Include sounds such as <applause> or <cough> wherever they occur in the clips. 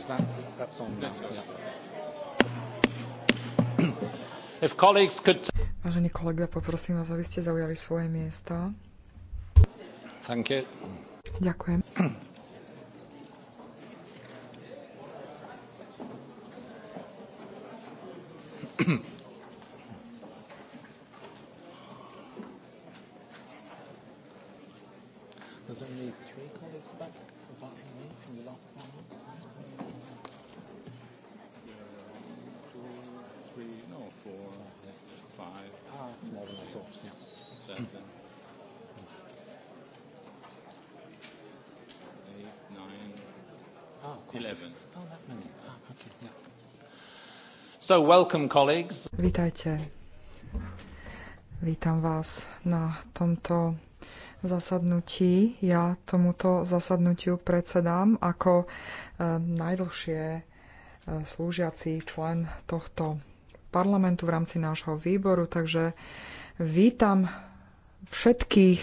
Is that that's on? That's yeah. <clears throat> If colleagues could... Vážení kolega, poprosím vás, aby ste zaujali svoje miesta. Thank you. Ďakujem. <clears throat> There's only three colleagues back, apart from me, from the last panel. Yeah, Two, three, no, four, yeah. five. Ah, it's more than I thought, yeah. Seven. So, welcome, colleagues. Vítajte. Vítam vás na tomto zasadnutí. Ja tomuto zasadnutiu predsedám ako e, najdlhšie e, slúžiaci člen tohto parlamentu v rámci nášho výboru, takže vítam všetkých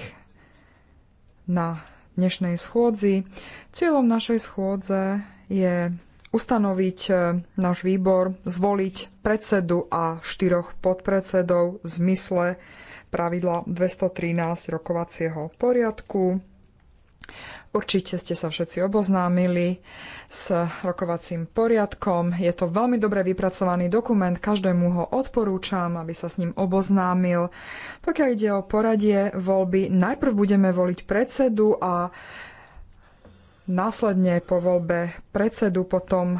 na dnešnej schôdzi. Cieľom našej schôdze je ustanoviť e, náš výbor, zvoliť predsedu a štyroch podpredsedov v zmysle pravidla 213 rokovacieho poriadku. Určite ste sa všetci oboznámili s rokovacím poriadkom. Je to veľmi dobre vypracovaný dokument, každému ho odporúčam, aby sa s ním oboznámil. Pokiaľ ide o poradie voľby, najprv budeme voliť predsedu a následne po voľbe predsedu potom e,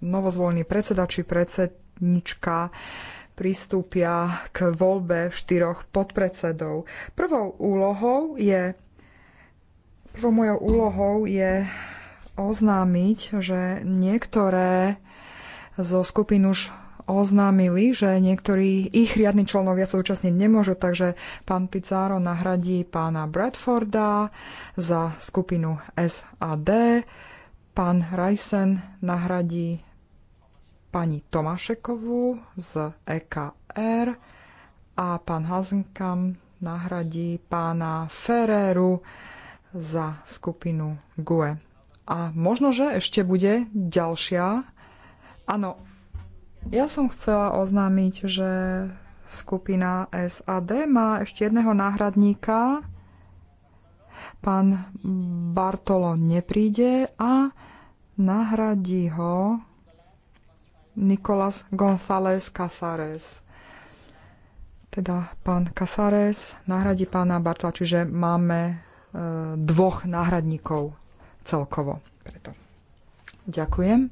novozvolený predseda či predsednička pristúpia k voľbe štyroch podpredsedov. Prvou úlohou je prvou mojou úlohou je oznámiť, že niektoré zo skupín už oznámili, že niektorí ich riadni členovia sa zúčastniť nemôžu, takže pán Pizzaro nahradí pána Bradforda za skupinu SAD, pán Rajsen nahradí pani Tomášekovú z EKR a pán Hazenkam nahradí pána Ferreru za skupinu GUE. A možno, že ešte bude ďalšia. Áno, ja som chcela oznámiť, že skupina SAD má ešte jedného náhradníka. Pán Bartolo nepríde a nahradí ho Nicolas González Cazares. Teda pán Cazares nahradí pána Bartla, čiže máme e, dvoch náhradníkov celkovo. Preto. Ďakujem.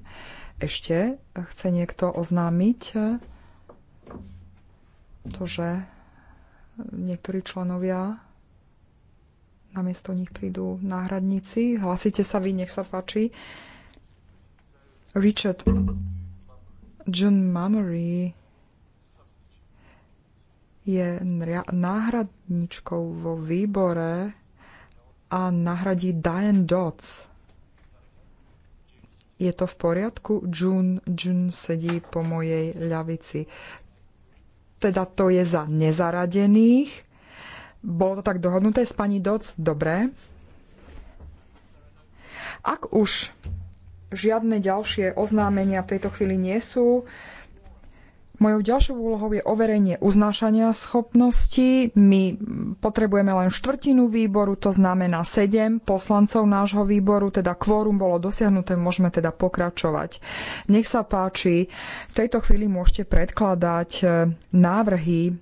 Ešte chce niekto oznámiť e, to, že niektorí členovia namiesto nich prídu náhradníci. Hlasíte sa vy, nech sa páči. Richard John Mamory je náhradničkou vo výbore a nahradí Diane Dodds. Je to v poriadku? June, June sedí po mojej ľavici. Teda to je za nezaradených. Bolo to tak dohodnuté s pani Doc? Dobre. Ak už Žiadne ďalšie oznámenia v tejto chvíli nie sú. Mojou ďalšou úlohou je overenie uznášania schopností. My potrebujeme len štvrtinu výboru, to znamená sedem poslancov nášho výboru, teda kvórum bolo dosiahnuté, môžeme teda pokračovať. Nech sa páči, v tejto chvíli môžete predkladať e, návrhy.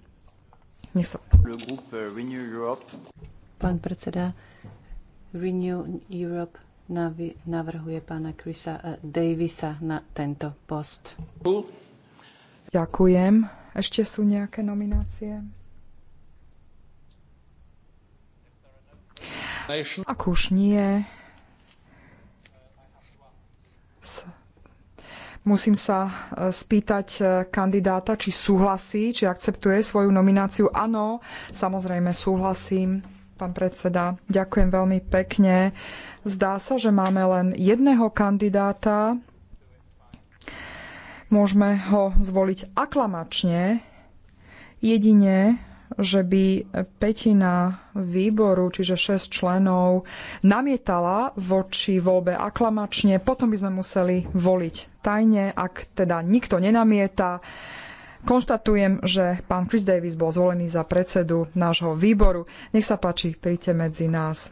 Nech sa... Euh, Pán predseda, Renew Europe navrhuje pána Chrisa eh, Davisa na tento post. Ďakujem. Ešte sú nejaké nominácie? Ak už nie, musím sa eh, spýtať eh, kandidáta, či súhlasí, či akceptuje svoju nomináciu. Áno, samozrejme súhlasím pán predseda. Ďakujem veľmi pekne. Zdá sa, že máme len jedného kandidáta. Môžeme ho zvoliť aklamačne, jedine, že by petina výboru, čiže 6 členov, namietala voči voľbe aklamačne, potom by sme museli voliť tajne, ak teda nikto nenamieta Konštatujem, že pán Chris Davis bol zvolený za predsedu nášho výboru. Nech sa páči, príďte medzi nás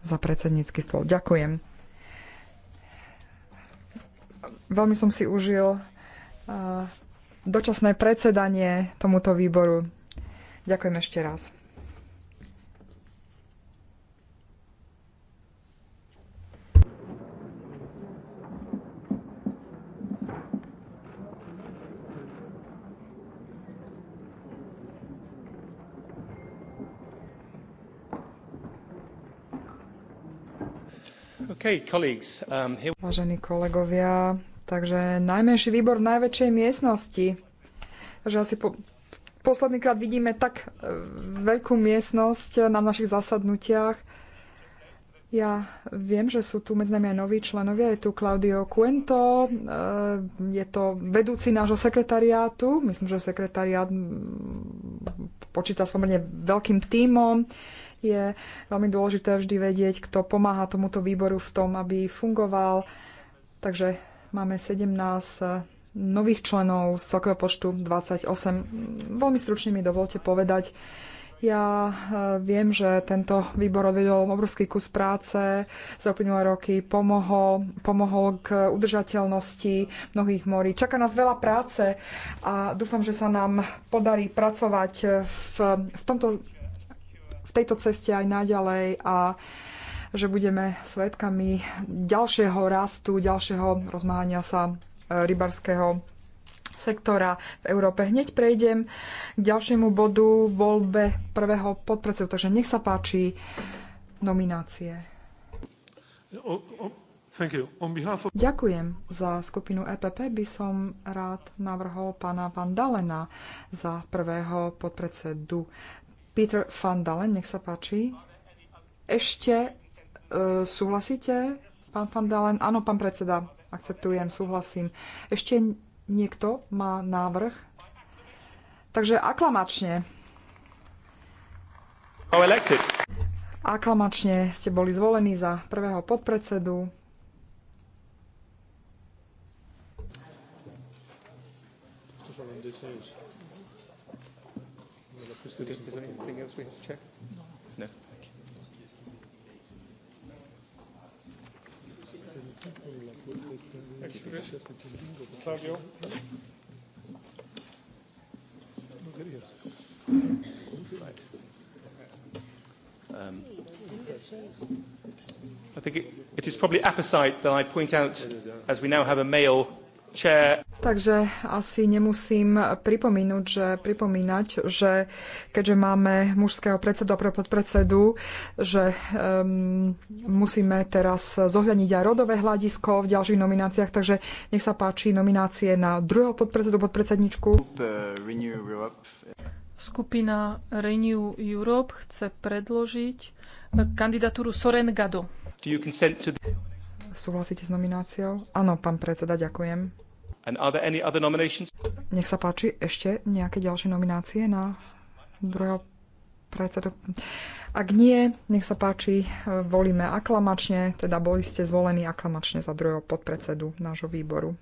za predsednícky stôl. Ďakujem. Veľmi som si užil dočasné predsedanie tomuto výboru. Ďakujem ešte raz. Um, Vážení kolegovia, takže najmenší výbor v najväčšej miestnosti. Takže asi po, poslednýkrát vidíme tak e, veľkú miestnosť na našich zasadnutiach. Ja viem, že sú tu medzi nami aj noví členovia. Je tu Claudio Cuento, e, je to vedúci nášho sekretariátu. Myslím, že sekretariát počíta s pomerne veľkým tímom. Je veľmi dôležité vždy vedieť, kto pomáha tomuto výboru v tom, aby fungoval. Takže máme 17 eh, nových členov z celkového počtu 28. Veľmi stručne mi dovolte povedať, ja eh, viem, že tento výbor odvedol obrovský kus práce za uplynulé roky, pomohol, pomohol k udržateľnosti mnohých morí. Čaká nás veľa práce a dúfam, že sa nám podarí pracovať eh, v, v tomto tejto ceste aj naďalej a že budeme svetkami ďalšieho rastu, ďalšieho rozmáhania sa e, rybarského sektora v Európe. Hneď prejdem k ďalšiemu bodu voľbe prvého podpredsedu. Takže nech sa páči nominácie. of... Ďakujem. Za skupinu EPP by som rád navrhol pána Van Dalena za prvého podpredsedu Peter van Dalen, nech sa páči. Ešte e, súhlasíte, pán van Dalen? Áno, pán predseda, akceptujem, súhlasím. Ešte niekto má návrh? Takže aklamačne. Aklamačne ste boli zvolení za prvého podpredsedu. No. Um, I think it, it is probably apposite that I point out, as we now have a male chair Takže asi nemusím pripomínuť, že, pripomínať, že keďže máme mužského predsedu a podpredsedu, že um, musíme teraz zohľadniť aj rodové hľadisko v ďalších nomináciách. Takže nech sa páči nominácie na druhého podpredsedu, podpredsedničku. Skupina Renew Europe chce predložiť eh, kandidatúru Soren Gado. Súhlasíte s nomináciou? Áno, pán predseda, ďakujem. Nech sa páči, ešte nejaké ďalšie nominácie na druhého predsedu? Ak nie, nech sa páči, e, volíme aklamačne, teda boli ste zvolení aklamačne za druhého podpredsedu nášho výboru.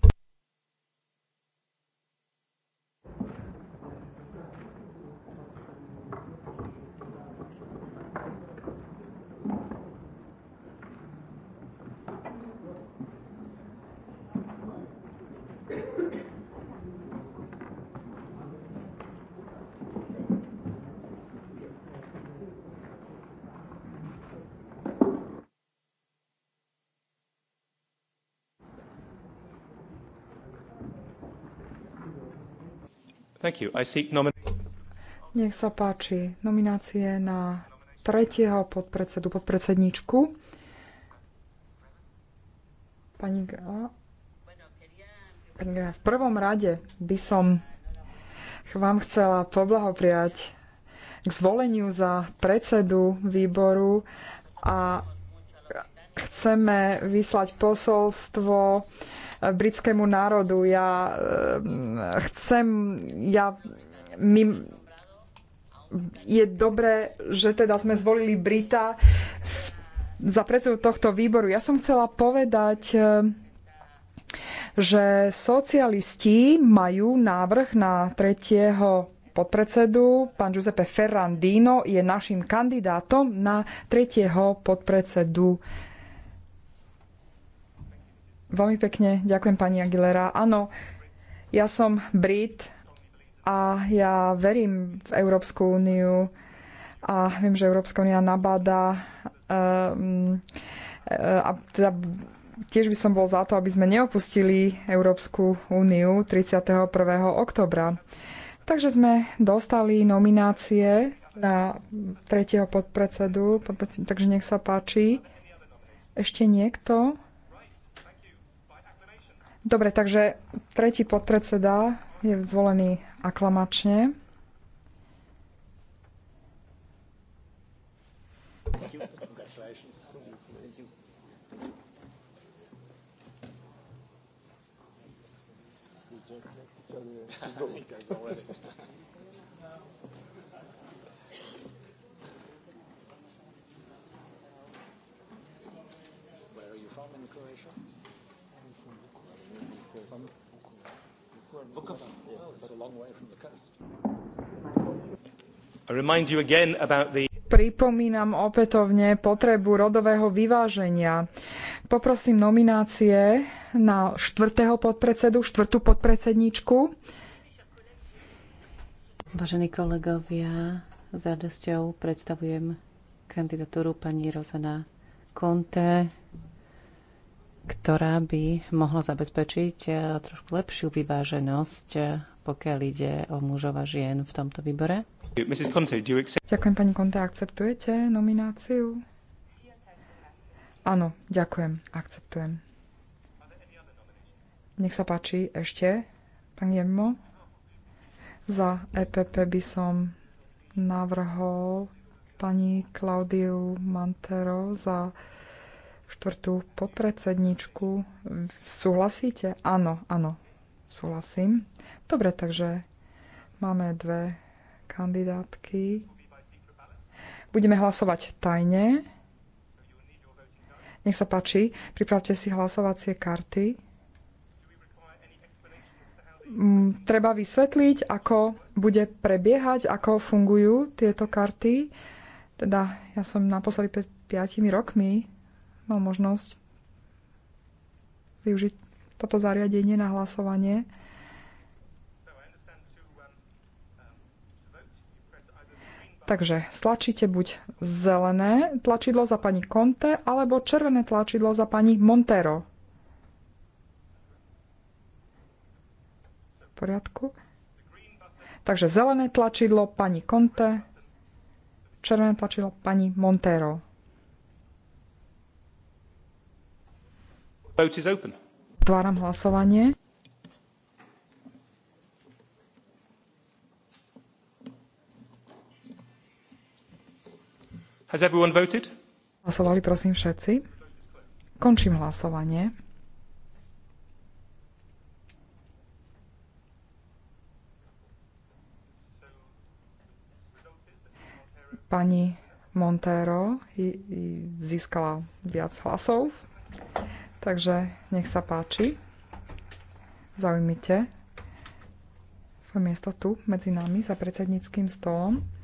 Nech sa páči, nominácie na tretieho podpredsedu, podpredsedničku. Pani, pani v prvom rade by som vám chcela poblahopriať k zvoleniu za predsedu výboru a chceme vyslať posolstvo britskému národu. Ja eh, chcem, ja my, je dobré, že teda sme zvolili Brita za predsedu tohto výboru. Ja som chcela povedať, eh, že socialisti majú návrh na tretieho podpredsedu. Pán Giuseppe Ferrandino je našim kandidátom na tretieho podpredsedu Veľmi pekne ďakujem pani Aguilera. Áno, ja som Brit a ja verím v Európsku úniu a viem, že Európska únia nabáda ehm, a teda tiež by som bol za to, aby sme neopustili Európsku úniu 31. oktobra. Takže sme dostali nominácie na tretieho podpredsedu, podpredsedu takže nech sa páči. Ešte niekto? Dobre, takže tretí podpredseda je zvolený aklamačne. Where are you from in Croatia? Pripomínam opätovne potrebu rodového vyváženia. Poprosím nominácie na štvrtého podpredsedu, štvrtú podpredsedničku. Vážení kolegovia, s radosťou predstavujem kandidatúru pani Rozana Conte, ktorá by mohla zabezpečiť eh, trošku lepšiu vyváženosť, eh, pokiaľ ide o mužov a žien v tomto výbore. Ďakujem, pani Konte. Akceptujete nomináciu? Áno, ďakujem. Akceptujem. Nech sa páči ešte, pán Jemmo. Za EPP by som navrhol pani Klaudiu Mantero za štvrtú podpredsedničku. Súhlasíte? Áno, áno, súhlasím. Dobre, takže máme dve kandidátky. Budeme hlasovať tajne. Nech sa páči, pripravte si hlasovacie karty. Mm, treba vysvetliť, ako bude prebiehať, ako fungujú tieto karty. Teda ja som naposledy pred piatimi rokmi mal možnosť využiť toto zariadenie na hlasovanie. Takže stlačíte buď zelené tlačidlo za pani Conte alebo červené tlačidlo za pani Montero. V poriadku. Takže zelené tlačidlo pani Conte, červené tlačidlo pani Montero. Otváram hlasovanie. Has everyone voted? Hlasovali prosím všetci. Končím hlasovanie. Pani Montero získala viac hlasov. Takže nech sa páči. Zaujmite svoje miesto tu medzi nami za predsedníckým stolom.